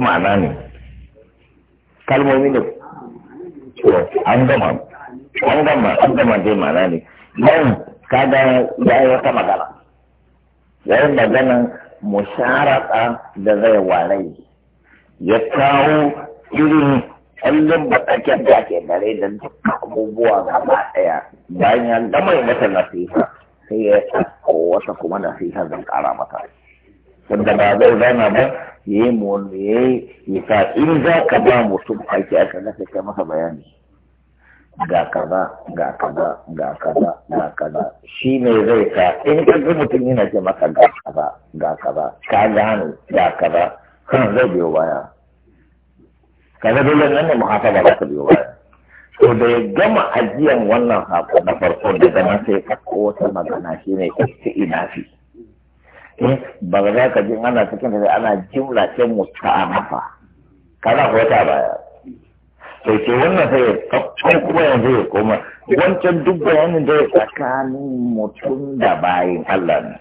ma'ana ne kalmomi da an gama an gama an gama dai ma'ana ne nan kaga ya yi wata magana ya maganan magana musharaka da zai warai ya kawo irin kallon bakakken da ake dare da dukkan abubuwa gaba daya bayan ya gama yi mata nasiha sai ya yi wata kuma nasiha zan kara mata wanda ba zai zana ba yi mu yi ka in za ka ba mutum aiki aka nasa ka masa bayani ga kaza ga kaza ga kaza ga kaza shi ne zai ka in ka ga mutum yana ce maka ga kaza ga kaza ka gano ga kaza kan zai biyo baya kaza dole nan ne muhasaba za ka biyo baya to da ya gama ajiyan wannan haƙo na farko da zama sai ka kowace magana shi ne ina fi. eh ba za ka ji ana cikin da ana jimla ce musta'anafa kana ko ta baya sai ce wannan sai ya kuma yanzu ya koma wancan duk bayanin da ya tsakanin mutum da bayan Allah ne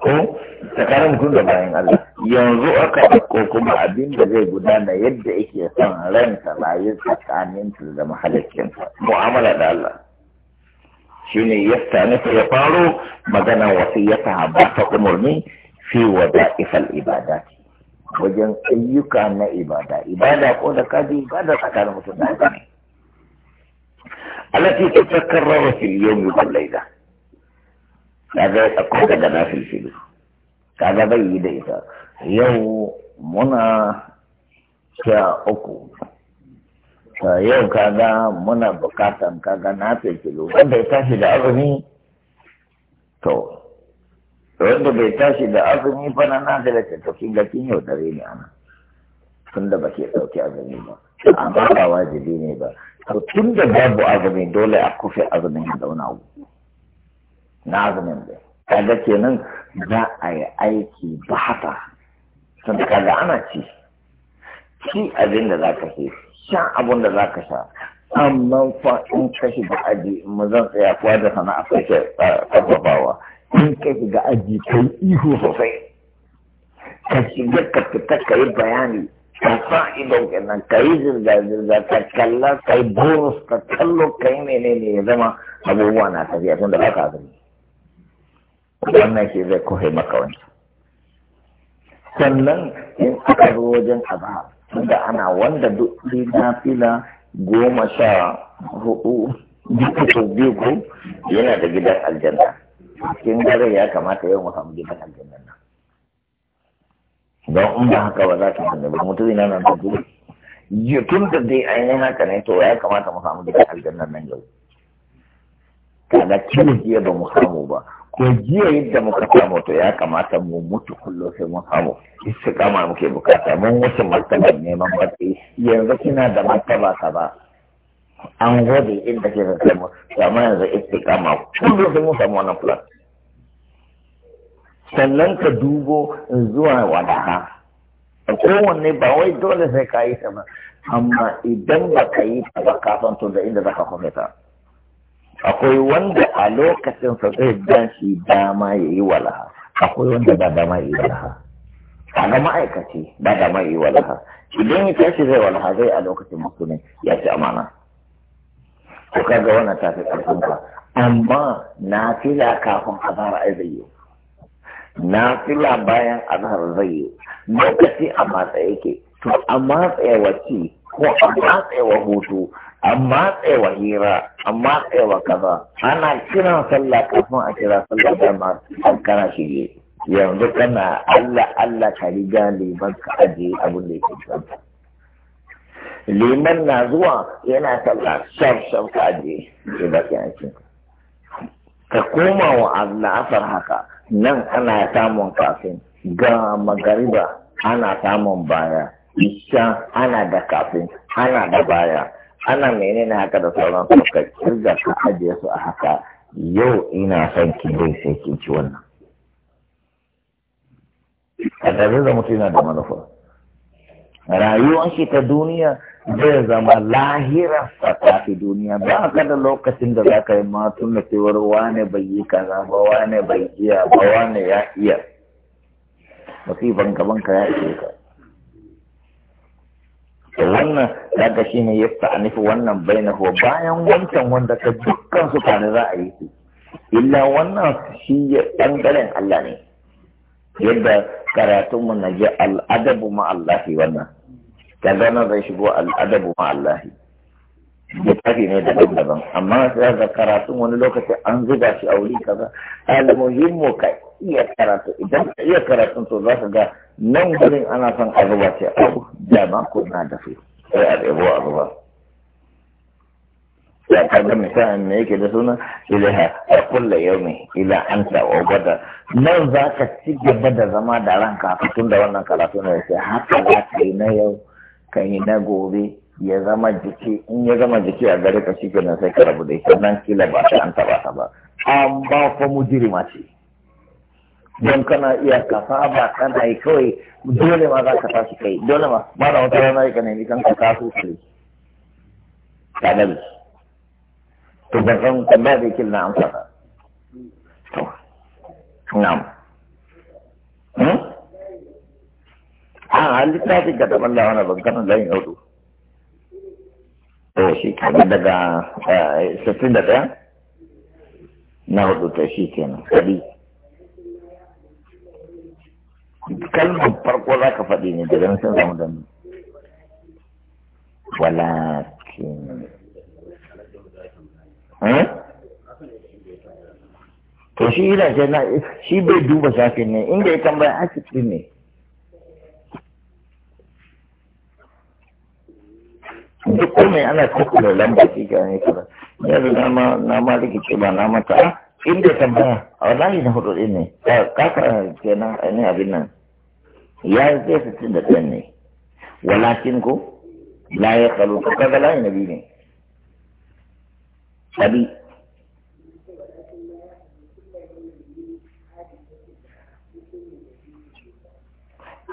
ko tsakanin mutum da bayan Allah yanzu aka ko kuma abin da zai gudana yadda yake son ranta rayu su da mahalicinsa mu'amala da Allah shine yasta nufa ya faro magana wasiyata ba ta umarni fi wada'ifal ibada. wajen ayyuka na ibada ibada ko da kaji ibada tsakanin mutum da haka ne alati ta takarrara fil yawmi wal layla kaga ya tsakko daga nafil ka ga bai yi da ita yau muna sha uku yau kaga muna bukatan kaga na filo wanda ya tashi da azumi to wanda bai tashi da azumi fa na na da ta tafi ga kin yau dare ne ana tun da bake dauki azumi ba amma ba wajibi ne ba to tun da babu azumi dole a kufe azumin da wani abu na azumin da kaga kenan za a yi aiki ba haka sun kaga ana ci ci abin da za ka fi Shan abun da za sha amma fa in ka shiga aji in zan tsaya kuwa da sana'a kake karfafawa in ka shiga aji ka yi ihu sosai ka shiga ka fita ka yi bayani ka sa idon kenan ka yi zirga-zirga ka kalla ka yi bonus ka kallo ka yi ne ya zama abubuwa na tafiya tun da ba ka gani wannan shi zai kohe maka wani sannan in aka zo wajen azhar tunda ana wanda duk na fila goma sha hudu duka sau biyu ko yana da gidan aljanna cikin dare ya kamata yau mu samu gidan aljanna nan don in ba haka ba za ka hanga ba mutum yana nan da gudu tun da dai ainihin haka ne to ya kamata mu samu gidan aljanna nan yau kada kilijiya ba mu samu ba ko jiya yadda muka samu to ya kamata mu mutu kullum sai mun samu kama muke bukata mun wuce martaba neman matsayi yanzu kina da martaba ka ba an gode inda ke ka kai amma yanzu kama kullum sai mun samu wannan plan sannan ka dubo zuwa a kowanne ba wai dole sai ka yi ta ba amma idan ba ka yi ta ba ka san to da inda za ka kwafe ta akwai wanda a lokacin sa zai dan shi dama ya yi walaha akwai wanda ba dama ya yi walaha a ga ma'aikaci ba dama ya yi walaha idan ya tashi zai walaha zai a lokacin mutumin ya ci amana to kaga wannan tafi karfin ka amma na fila kafin a fara yi. na fila bayan azhar zai yi lokaci a matsa yake to a matsayawa ci ko a matsayawa hutu amma tsewa hira amma tsewa kaza ana kiran sallah kafin a kira sallah da ma kana shige yanzu kana Allah Allah ka riga liman ka aje abin da yake kanta liman na zuwa yana sallah shaf shaf ka aje ke da ka koma wa Allah asar haka nan ana samun kafin ga magariba ana samun baya isha ana da kafin ana da baya ana menene haka da sauran su kirga ka ajiye su a haka yau ina son ki dai sai kin ci wannan a tare da mutu yana da manufa rayuwar shi ta duniya zai zama lahirar sa ta fi duniya ba ka da lokacin da za ka yi matun na cewar wane bai yi kaza ba wane bai iya ba wane ya iya Mafi gaban ka ya iya ka wannan daga shi ne ya ta'anifi wannan bainahu bayan wancan wanda ka dukkan su tare za a yi su illa wannan shi ya bangaren Allah ne yadda karatunmu na ji al'adabu ma'allahi wannan ta gana zai shigo al'adabu ma'allahi littafi ne daban daban amma sai da karatun wani lokaci an zuba shi a wuri kaza al muhimmu ka iya karatu idan ka iya karatu to za ka ga nan gurin ana son a ce abu dama ko na da su sai a ɗebo a ya kaga misalin ne yake da suna ilaha a kulla ne ila an ta'o gada nan za ka ci gaba da zama da ranka tun da wannan karatu na yake haka za ka yi na yau ka yi na gobe ya zama jiki in ya zama jiki a gari ka shi nan sai ka rabu da ita nan kila ba ta an taɓa ta ba an ba fa mujirima ce don kana iya kafa ba kana yi kawai dole ma za ka tashi kai dole ma ba da wata rana ka nemi kanka ka so kai ka da to ban san tambaya da kin na amsa ba to hmm? ah, An a littafin ka daban da wani ban kana da yin hudu to shi kenan daga 61 eh, na hudu ta shi kenan kadi kalmar farko za ka faɗi ne da zan san zamu da walakin eh? to shi ina ce na shi bai duba shafin ne inda ya tambaya asibiti ne duk kome ana kakkulo lamba shi ga ne kara yanzu na ma rikice ba na mata inda tambaya oh, a wallahi na hudu ne eh, kaka kenan ne abin nan ya zai sittin da ɗan ne walakin ko la ya kalu ko kaga la nabi ne sabi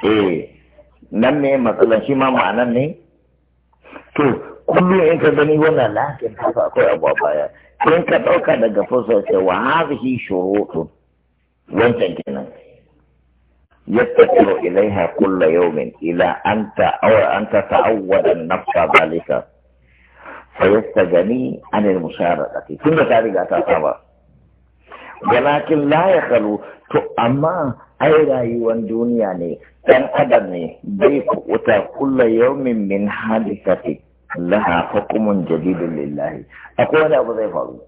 eh nan ne matsalan shi ma ma'anan ne to kullum in ka gani wannan lafiyan ta fa akwai abu a baya sai ka ɗauka daga fusa sai wa hazihi shurutu wancan kenan yattakilu ilaiha kulla yawmin ila anta aw anta ta'awwada nafsa zalika fa yastagani an al-musharakati tun da ta riga ta saba walakin la yakhlu to amma ai rayuwar duniya ne dan adam ne bai kuta kulla yawmin min hadisati laha hukumun jadidun lillahi akwai wani abu zai faru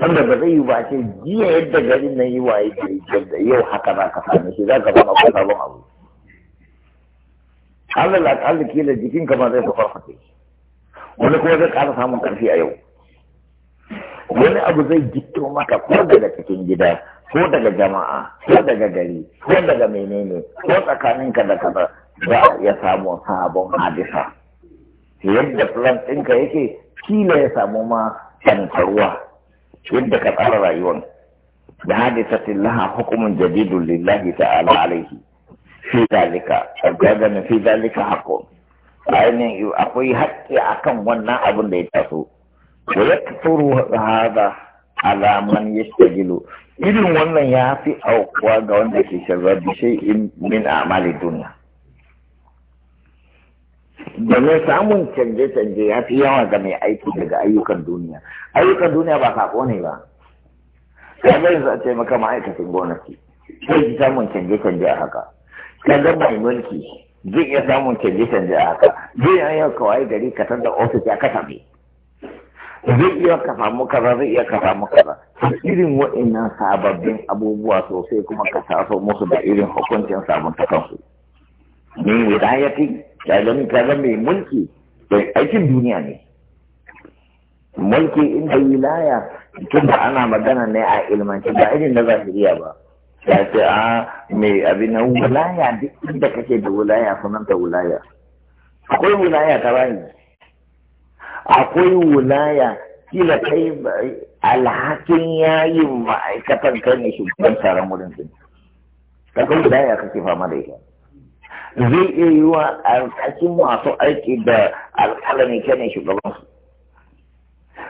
wanda ba zai yi ba ce jiya yadda garin nan yi waye gari yadda yau haka za ka same shi za ka zama ko sabon abu Allah la kalli kila jikin ka ma zai fa farfate wani kuma zai ƙara samun ƙarfi a yau wani abu zai jikto maka ko daga cikin gida ko daga jama'a ko daga gari ko daga menene ko tsakaninka da kaza za a iya samun sabon hadisa yadda plan ɗinka yake kila ya samu ma tantarwa yadda ka tsara rayuwan da hadisatin laha hukumin jadidun lillahi ta'ala alaihi fi zalika gaggana fi zalika hakkun ainihin akwai haƙƙi akan wannan abin da ya taso wa ya kasuru hada alaman ya shagilu irin wannan ya fi aukuwa ga wanda ke shirya bishai min amali duniya domin samun canje-canje ya fi yawa ga mai aiki daga ayyukan duniya ayyukan duniya ba sako ne ba Ya zai a ce maka ma'aikacin gonaki. Ya yi samun canje-canje a haka kaga mai mulki zai iya samun canje-canje a haka zai iya yau kawai gari ka da ofis ya kasa mai zai iya ka samu kaza zai iya ka samu kaza irin wa'annan sababbin abubuwa sosai kuma ka taso musu da irin hukuncin samun ta kansu min wilayatin ka ka ga mai mulki aikin duniya ne mulki inda wilaya tun da ana magana ne a ilmanci ba irin na zahiriya ba ya ce a mai abin na wilaya duk inda kake da wilaya sunanta wilaya akwai wilaya ta bani akwai wilaya kila kai alhakin yayin ma'aikatan kai ne shugaban taron wurin sun kaga wilaya kake fama da ita zai iya yi wa alƙakin masu aiki da alƙalami ke ne shugaban su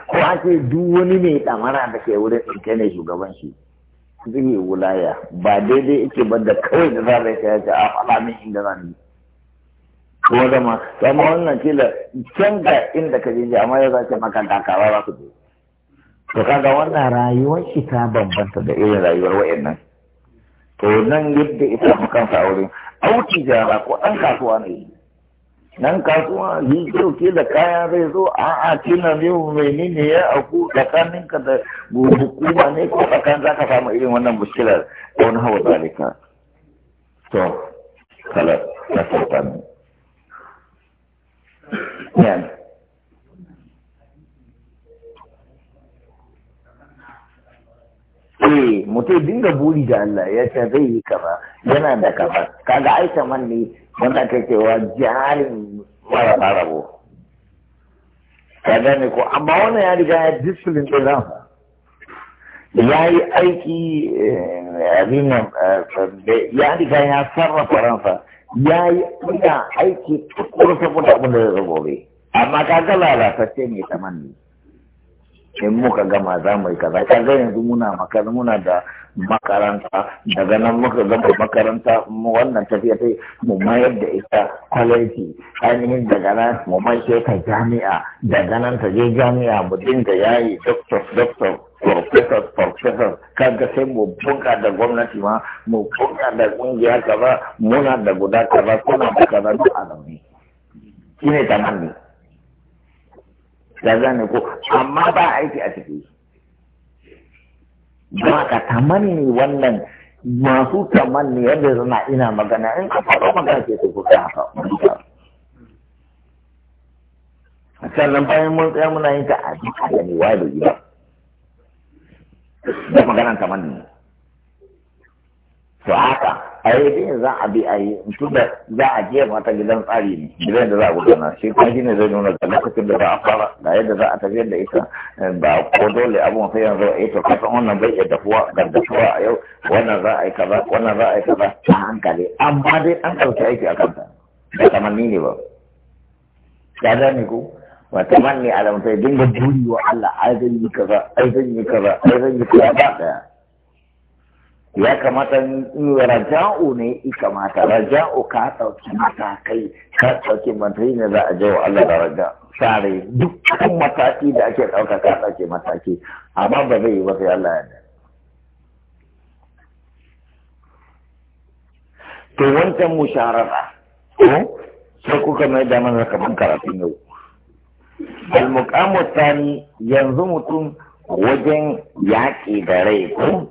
ko a ce duk wani mai ɗamara da ke wurin ɗinke ne shugaban shi zai yi wulaya ba daidai yake ba da kawai da za a yi ta a faɗa min inda za ni ko ma, amma wannan kila can ga inda ka je amma ya za ce maka dakawa za su je to kaga wannan rayuwar shi ta bambanta da irin rayuwar wa'annan to nan yadda ita mu kansa a wurin auki jara ko ɗan kasuwa ne nan kasuwa yi ke da kaya zai zo a a kina ne menene ya aku tsakanin ka da hukuma ne ko tsakanin za ka samu irin wannan muskilar ko na hawa zalika to kala na sauta ne eh mutum dinga buri da Allah ya ce zai yi kaza yana da kaza kaga aisha man ne wanda ke cewa jarin mara rabo ka gane ko amma wannan ya riga ya discipline din nan ya yi aiki eh, abin eh, ya riga ya sarrafa ransa ya yi ina aiki tukuru saboda abin da zai gobe amma kaga lalatacce ne tamanni in muka gama za mu yi kaza Ka kaga yanzu muna makar muna da makaranta daga nan muka gama makaranta wannan tafiya ta mu mayar da ita kwalaiti ainihin daga nan mu maishe ta jami'a daga nan ta je jami'a mu dinga yayi doctor doctor professor Ka kaga sai mu buga da gwamnati ma mu buga da kungiya kaza muna da guda kaza kuna da kaza duk ne shine tamanni ka ne ko amma ba aiki a ciki ba ka tamanni wannan masu tamanni yadda suna ina magana in ka faɗo magana ke ku kuka haka sannan bayan mun tsaya muna yin ta a duka da ne waye da gida da maganan tamanni to haka a yi din za a bi a yi tun da za a je mata gidan tsari ne gidan da za a gudana shi kuma shi ne zai nuna ga lokacin da za a fara da yadda za a tafiyar da ita ba ko dole abun sai yanzu a eh yi to kasan wannan bai iya dafuwa dafuwa a yau wannan za a yi kaza wannan za a yi kaza a hankali amma dai an ɗauki aiki a kanta ba tamanni ne ba ya gane ku ba tamanni alamta ya dinga buri wa Allah ai zan yi kaza ai zan yi kaza ai zan yi kaza ba ɗaya ya kamata raja'u ne i kamata raja'u ka ɗauki matakai ka ɗauki matakai ne za a je wa Allah da raja sare dukkan mataki da ake ɗauka ka ɗauki mataki amma ba zai yi ba sai Allah ya da to wancan musharara ko sai kuka mai da mana kaman karatun yau al-muqamu yanzu mutum wajen yaƙi da rai ko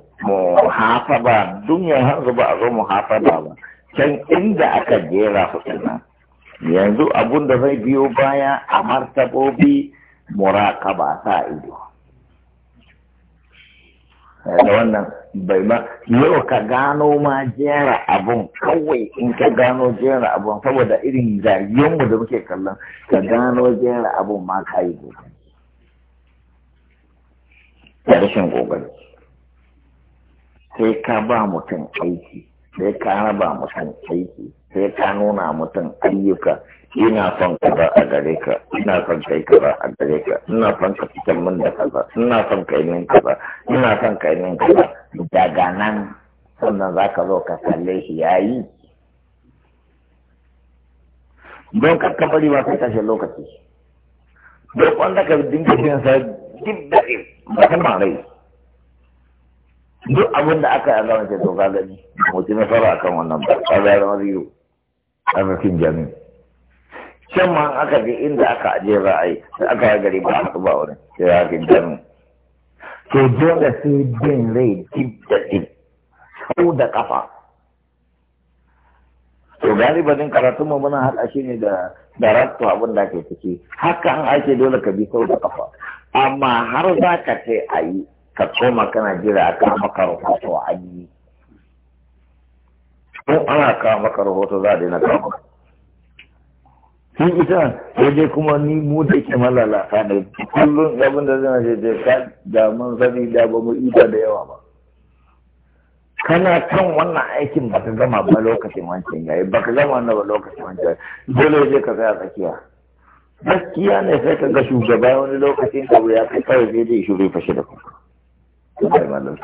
ba duniya hanzu ba a zo muhafaba ba can inda aka jera su kenan yanzu abun da zai biyo baya a martabobi ba sa ido da wannan bai ma yau ka gano ma jera abun kawai in ka gano jera abun saboda irin mu da muke kallon ka gano jera abun ma ka yi gobe da rashin gobe sai ka ba mutum aiki sai ka raba mutum aiki sai ka nuna mutum ayyuka ina son ba a gare ka ina son kai ba a gare ka ina son ka fitar min da kaza ina son ka yi min kaza ina son ka yi min kaza daga nan sannan za ka zo ka kalle shi ya yi don ka bari ba sai tashi lokaci don wanda ka dinga biyan sa duk da ba ta marai duk abin da aka yi zama ce to ka gani mutum ya fara akan wannan ba ka ga zama biyu arzikin jami'i can ma aka je inda aka aje ra'ayi sai aka yi gari ba a ba wani sai ya fi jami'i to dole sai bin rai dib da dib, sau da kafa to galibin karatun mu muna haɗa shi ne da da rattu abin da ake ciki haka an ake dole ka bi sau da kafa amma har za ka ce a yi ka koma kana jira a kawo maka rahoto a yi ko ana kawo maka rahoto za a daina kawo sun ita waje kuma ni mu da ke malalata ne kullum abin da zina je ka da mun sani da ba mu ita da yawa ba kana kan wannan aikin ta gama ba lokacin wancan yayi baka gama wannan ba lokacin wancan dole je ka tsaya tsakiya gaskiya ne sai ka ga shugaba wani lokacin da ya kai kawai zai zai shuri fashe da kuma. malam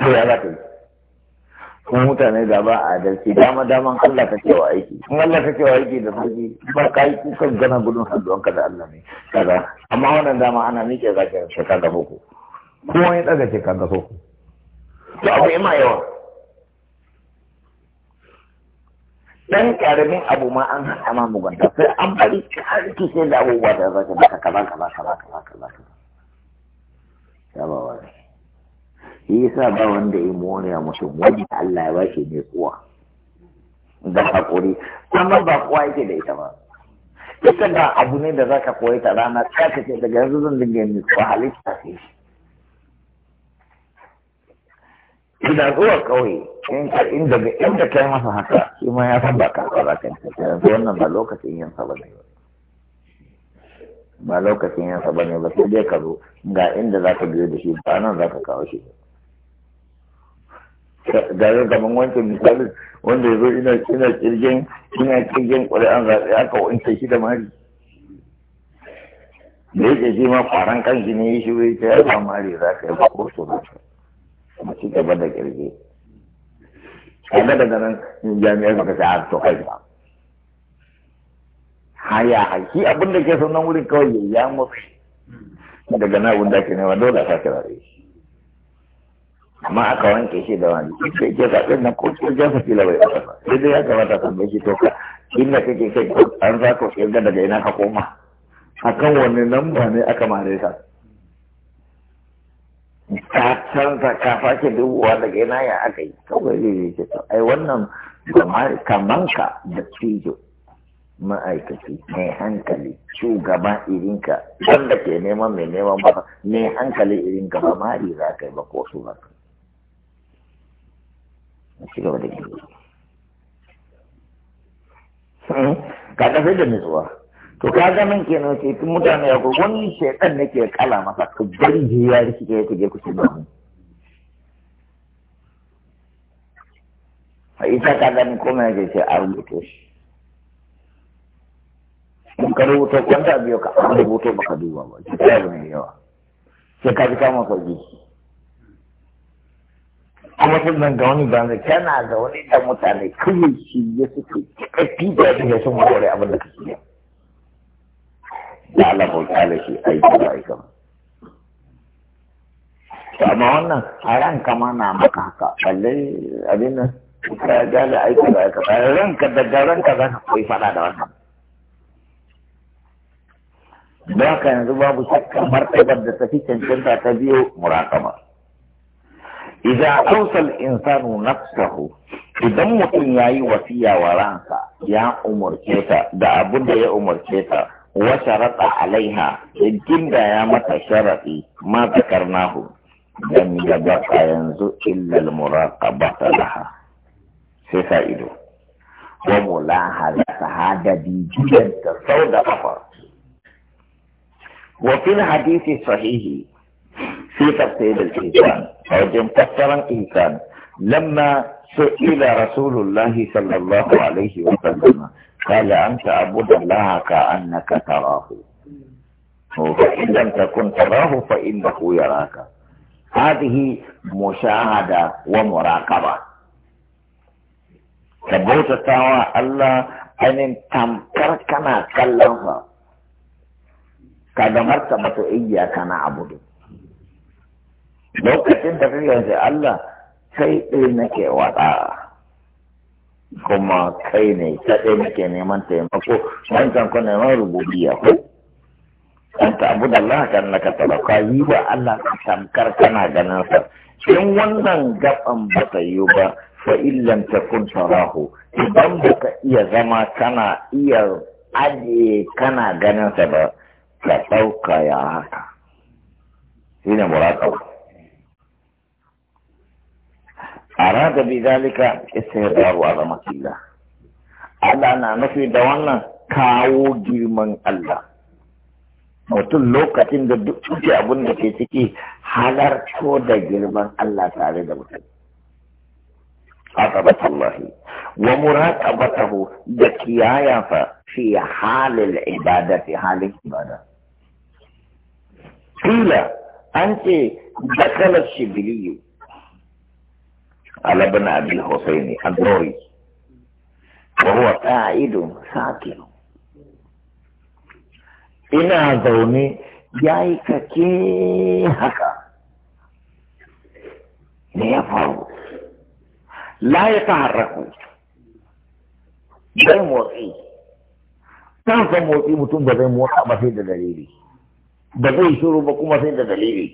kuma mutane da ba a adalci dama daman Allah ka cewa aiki in Allah ka cewa aiki da sauki ba ka yi kukan gana gudun ka da Allah ne kaza amma wannan dama ana miƙe zaka ka ka ga ku kuma ya daga shaka ka gafo Ba to akwai ma yawa dan karamin abu ma an haɗa ma mugunta sai an bari karki sai da abubuwa da zaka baka kaza kaza kaza kaza kaza kaza shi yasa ba wanda ya mone a mutum wajen Allah ya bashi ne kuwa da hakuri amma ba kuwa yake da ita ba ita da abu ne da zaka koyi ta rana ta kace ce daga yanzu zan dinga yin ko halitta ce ina zuwa kauye in ka inda ga inda kai masa haka shi ma ya san ba ka ba za ka wannan ba lokacin yin sa ba ne ba lokacin yin sa ba ba sai dai ka zo ga inda za ka biyo da shi ba nan za ka kawo shi ba gare gaban wancan misali wanda ya zo ina ina kirgin ina kirgin ƙuri'an zaɓe aka wanke shi da mari da yake shi ma faran kanshi ne ya wai ta ya ba mari za ka yi ba ko so ba a ci gaba da kirge kaga daga nan jami'ar suka ce a to kai ba haya haki abin da ke sunan wurin kawai ya mutu daga na abin da ke nema dole a da zaɓe amma aka wanke shi da wani sai ke zaɓe na ko ko jafa fila bai ɗauka ba sai dai ya kamata ka bai shi to ka inda kake kai an za ka kirga daga ina ka koma akan wani lamba ne aka mare ka ka canza ka fashe dubuwa daga ina ya aka yi kawai zai yi ce to ai wannan kamar ka da cijo ma'aikaci mai hankali shugaba ka, wanda ke neman mai neman ba mai hankali irin ka, ba mari za ka ba ko su ba ci gaba da hmm? ka kasar da nutsuwa to ka ga min nan ce tun mutane ya ko wani shekan ke kala masa ka bari jiya ya rike ku je ku ce ba mu a ita ka ga min komai ce sai a rubuto shi in ka rubuto kwanta biyu ka rubuto baka duba ba ki tsaya mai yawa sai ka ji kama sauki kuma sannan ga wani ba mai kana ga wani da mutane kawai shi ya suke ƙarfi da ya sun ware abin da kake yi da alaƙon kyale shi aiki da aika to amma wannan a ran kama na maka haka balle abin nan ka ya gane aiki da aika ba ranka daga ranka za ka koyi faɗa da wannan Ba haka yanzu babu shakkan martabar da tafi cancanta ta biyo murakama. idza awsal insanu nafsahu idan mutum yayi wasiya wa ransa ya umurce ta da abin da ya umurce ta wa sharata alaiha idan da ya mata sharadi ma zakarnahu dan da yanzu illa al laha sai sa ido wa mulahazata hada bijiyan ta sau da kafa hadisi sahihi wajen fassaran ihsan lamma su'ila الله sallallahu alaihi wa sallam قال أنت أعبد الله كأنك تراه فإن لم تكن تراه فإنه يراك هذه مشاهدة ومراقبة تبوت تاوى الله أن تمكر كما كلمها كدمرت مرتبه اياك عبده lokacin da kake yanzu Allah kai ɗaya nake waɗa kuma kai ne kaɗai nake neman taimako man kan ku neman rububiya ko an ta abu da Allah kan naka talaka yi wa Allah ka tamkar kana ganin sa in wannan gaban ba ta yi ba fa illan takun tarahu idan ka iya zama kana iya ajiye kana ganin sa ba ka ɗauka ya haka shine muraka أراد wa استهدار عظمة Allah na أنا da wannan kawo girman Allah. mutum lokacin da duk kuke abun da ke ciki halarto da girman Allah tare da mutum. Asabat Allahi wa muraqabatahu da kiyayansa fi halil ibadati halin ibada. Kila an ce dakalar shibiliyu على ابن أبي الحسين الدوري وهو قاعد ساكن ina zaune ya yi kake haka ne ya faru la ya taharraku bai motsi kansa motsi mutum ba zai motsa ba sai da dalili ba zai shuru ba kuma sai da dalili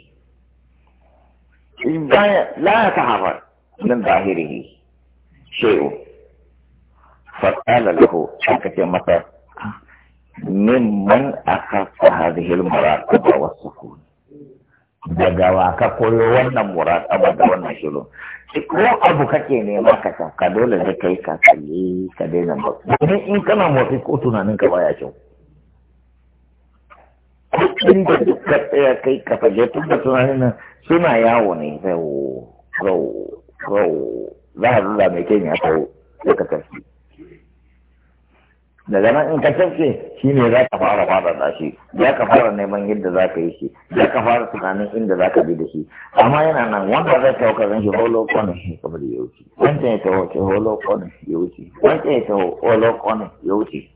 la ya taharraku من ظاهره شيء فقال له حكت متى ممن أخذت هذه المراقبة والسكون دقوا كقول وانا مراقبة وانا شلون ko abu kake nema ka sauka dole da kai ka kalli ka daina motsi domin in kana motsi ko tunanin ka baya kyau kuɗin da duka tsaya kai ka fage tun da tunanin nan suna yawo ne zau zau kawo za a zuba mai ya kawo sai ka daga nan in ka tafke shi ne za ka fara fara da shi za ka fara neman yadda za ka yi shi za ka fara tunanin inda za ka bi da shi amma yana nan wanda zai kawo kazan shi holo kwanin shi kamar da yauci wancan ya taho ce holo kwanin ya wuce wancan ya taho holo kwanin ya wuce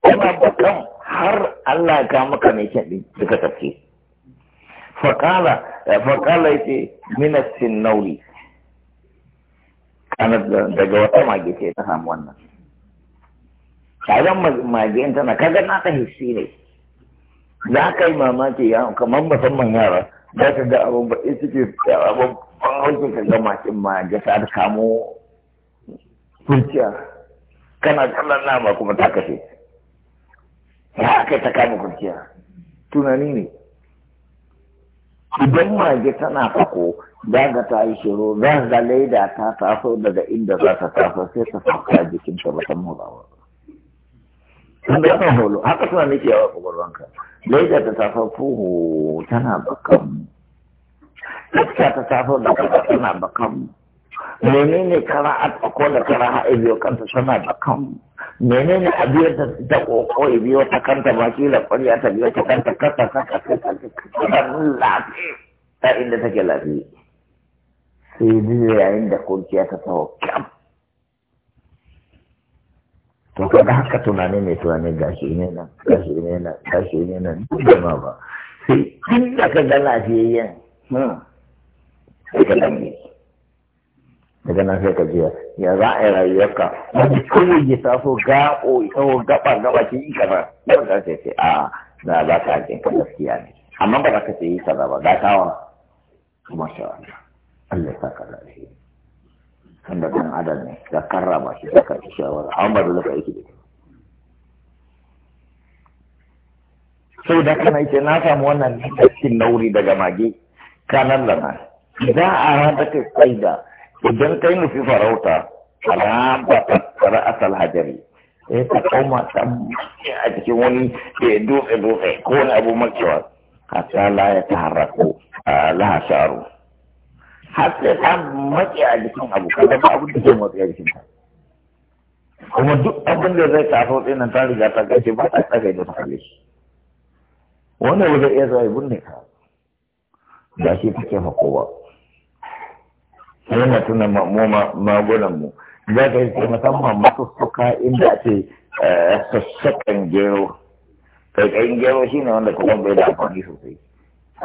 kuma bakan har Allah ya kama maka mai kyaɗi ɗin suka tafke faƙala faƙala yake minas sinnauri kanar daga wata mage ce ta samu wannan kagan mage in tana kaga na ta hissi ne za ka yi mamaki ya kamar musamman yara za ka ga abin baɗi suke abin ɓangarci ka ga makin mage ta kamo kunciya. kana kallon nama kuma ta kashe ya kai ta kama kunciya. tunani ne idan mage tana fako za ga ta yi shiro za ga laida ta taso daga inda za ta taso sai ta sauka jikinta ba ta mura ba an da holo haka suna nake yawa kwakwalwanka laida ta taso fuhu tana bakan iska ta taso da kasa tana bakan menene kara a ko da kara ha'ibiyo kanta tana bakan menene a biyo ta ta koko ya biyo ta kanta ba ke da ƙwarya ta biyo ta kanta kanta kanta kanta kanta lafiya ta inda take lafiya sai biyo yayin da kurciya ta taho kyam to kaga haka tunani mai tunani gashi ne nan gashi ne nan gashi ne nan duk ma ba sai inda ka ga lafiyayyen hmm, sai ka dangi daga nan sai ka jiya ya za a yi rayuwarka wani kawai ya taso gaɓo ya taso gaba gaba ce yi kaza yau da sai sai a na za ka haƙin ka gaskiya ne amma ba za ka ce yi kaza ba za ka wa kuma sha Allah ya sa ka lafiya kan da ɗan adam ne ka karrama shi ka karɓi shawara amma ba da zaka aiki da sau da kana ce na samu wannan cikin nauri daga mage kanan na. za a haɗa kai kai da idan kai nufi farauta raba tattara asal hajari sai ta koma ta a cikin wani da dutse dutse ko wani abu makewa A la ya taharraku a lahasharu har sai ta make a jikin abu kada ba abu da ke motsi a jikin ta kuma duk abin da zai taso ɗin ta riga ta gace ba ta tsaka da hali. shi wannan ba zai iya zai bunne ka ba shi take hako ba sai na tuna magunan mu za ka yi musamman masussuka inda ake eh, sassakan gero kaikayin gero shi ne wanda kuma bai da amfani sosai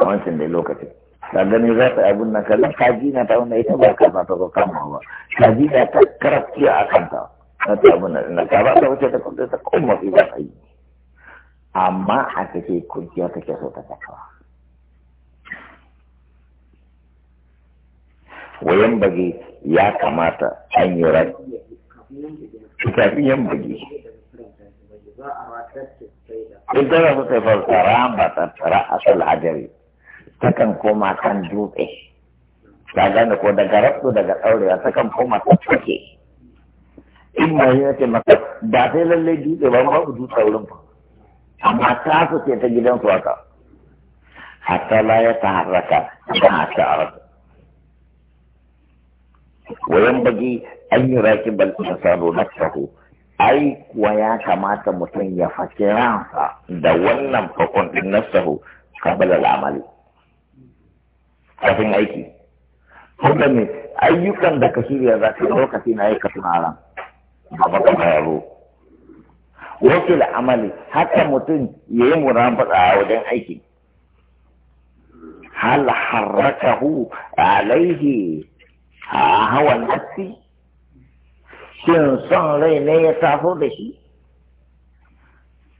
a wancan da lokacin ta gani za ta abin na kallon kaji na ta wanda ita ba ka za ta zo kama ba kaji na ta karafiya a kanta na ta abin na ka ba ta wuce ta kuma ta kuma fi ba ta yi amma a take kujiya take so ta takawa wayan bagi ya kamata an yi rai kafin yan bagi in tana suka fassara ba tattara asal hajari takan koma kan dutse ta gane ko daga rasu daga ɗaurewa takan koma ta take in ma yi ce maka ba sai lallai dutse ba ba ku dutse wurin ba amma ta su ce ta gidansu haka hatta la ya ta harraka ta harraka وينبغي أن يراقب الإنسان نفسه ai kuwa ya kamata mutum ya faki ransa da wannan fakon din nasahu kabala al'amali kafin aiki kuma ne ayyukan da ka shirya za ka lokaci na yi ka tunaran ba ba ka yaro wakil amali haka mutum ya yi murabata a wajen aiki hal harrakahu alaihi a hawan nafsi shin son rai ne ya taso da shi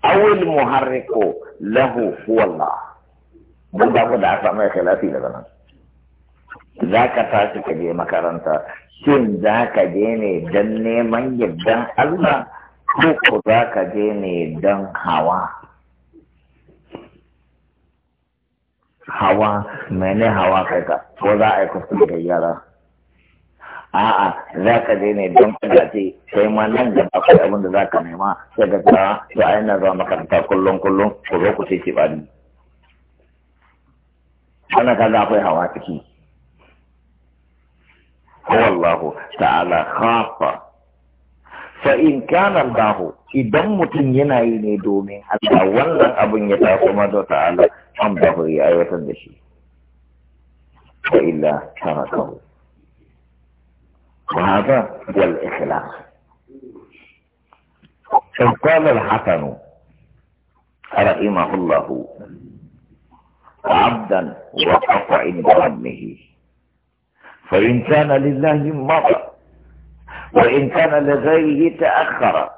awil muharriku lahu huwallah mun ba da aka mai khilafi daga nan za ka tashi ka je makaranta shin za ka je ne dan neman yardan Allah ko ko za ka je ne dan hawa hawa mene hawa kai ka ko za a yi kuskure da yara a'a za ka je ne don ka ce sai ma nan da akwai abin da za ka nema sai ka ga to a yana zuwa makaranta kullum kullum ku zo ku ce ki bani ana kaza akwai hawa ciki wallahu ta'ala khafa fa in kana Allah idan mutum yana yi ne domin Allah wannan abin ya kuma da ta'ala an ba ya aiwatar da shi wa illa tarakahu وهذا هو الإخلاص قال الحسن رحمه الله عبدا وقف عند ربه فإن كان لله مضى وإن كان لغيره تأخر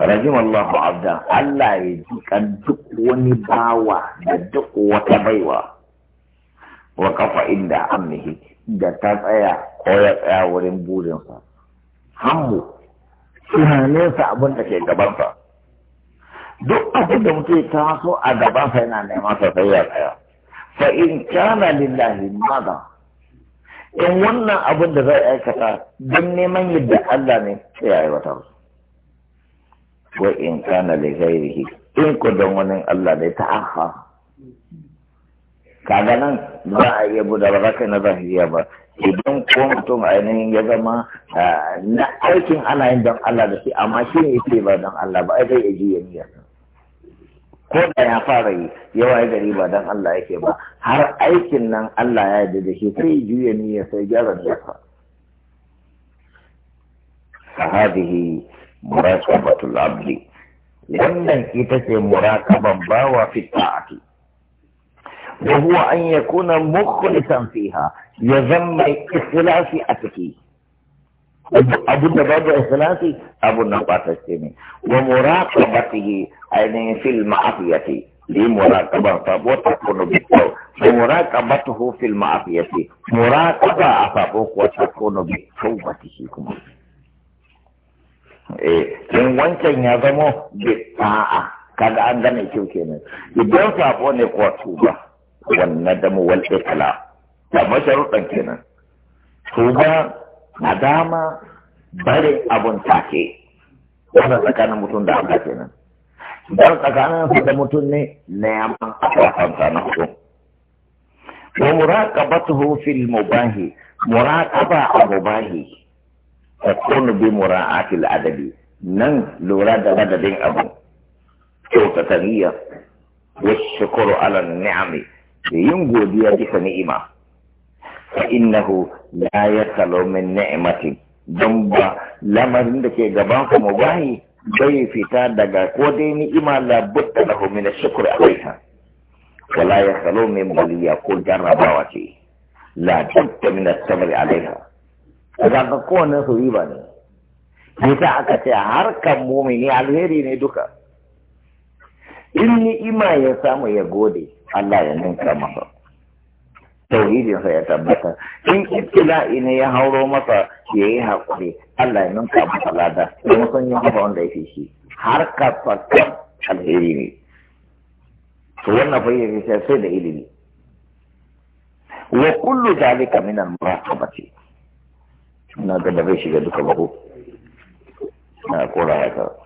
رحم الله عبدا ألا يجيك أن تكون باوى تكون وتبيوى وقف عند عمه da ta tsaya ko ya tsaya wurin burinsa hammu tunaninsa abin da ke gabansa duk abin da mutum ta so a gabansa yana neman sa sai ya tsaya fa in kana lillahi mada in wannan abin da zai aikata don neman yadda Allah ne sai ya aiwata su wa in kana li ghairihi in ku don wani Allah ne ta aha kaga nan ba a iya buɗe ba za na zahiriya ba idan ko mutum ainihin ya zama na aikin ana yin don Allah da shi amma shi ne yake ba don Allah ba ai zai iya juya niyyar ko da ya fara yi yawa ya gari ba don Allah yake ba har aikin nan Allah ya yarda da shi sai juya niyyar sai gyara niyyar sa فهذه مراقبة العبد لأن كتاب مراقبا fita a الطاعة وهو أن يكون مخلصا فيها يذم اخلاص أتكي أبو النبات إخلاصي أبو النبات السيني ومراقبته يعني في المعافية لمراقبة وتكون بالتوبة ومراقبته في المعافية مراقبة أفابوك وتكون بتوبته كمان in wancan ya zamo bitta'a kaga an gane kyau kenan idan sabo ne والندم والإقلاع لما شرطا كنا توبة ندامة bari abun take wannan tsakanin mutum da Allah kenan dan tsakanin su da mutum ne na yaman akwakanta na hudu wa muraqabatuhu fil mubahi muraqaba a mubahi takunu bi mura'atil adabi nan lura da ladabin abu kyautata niyya wa shukuru ala ni'ami da yin godiya bisa ni'ima fa innahu la yakalu min ni'matin don ba lamarin da ke gaban ku mu bai bai fita daga ko dai ni'ima la budda lahu min ash-shukr alayha wala yakalu min baliya ko jarrabawa ce la budda min as-sabr alayha kaga kowanne su riba ne yasa aka ce harkar mumini alheri ne duka in ni'ima ya samu ya gode Allah ya nuna masa tauhidin sa ya tabbata in ibtila'i ne ya hauro masa ya yi haƙuri Allah ya nuna masa lada don sun yi haka wanda ya fi shi har ka fakar alheri ne to wannan fayyar sai da ilimi wa kullu zalika min al-muraqabati na ga da bai shiga duka ba ko na kora haka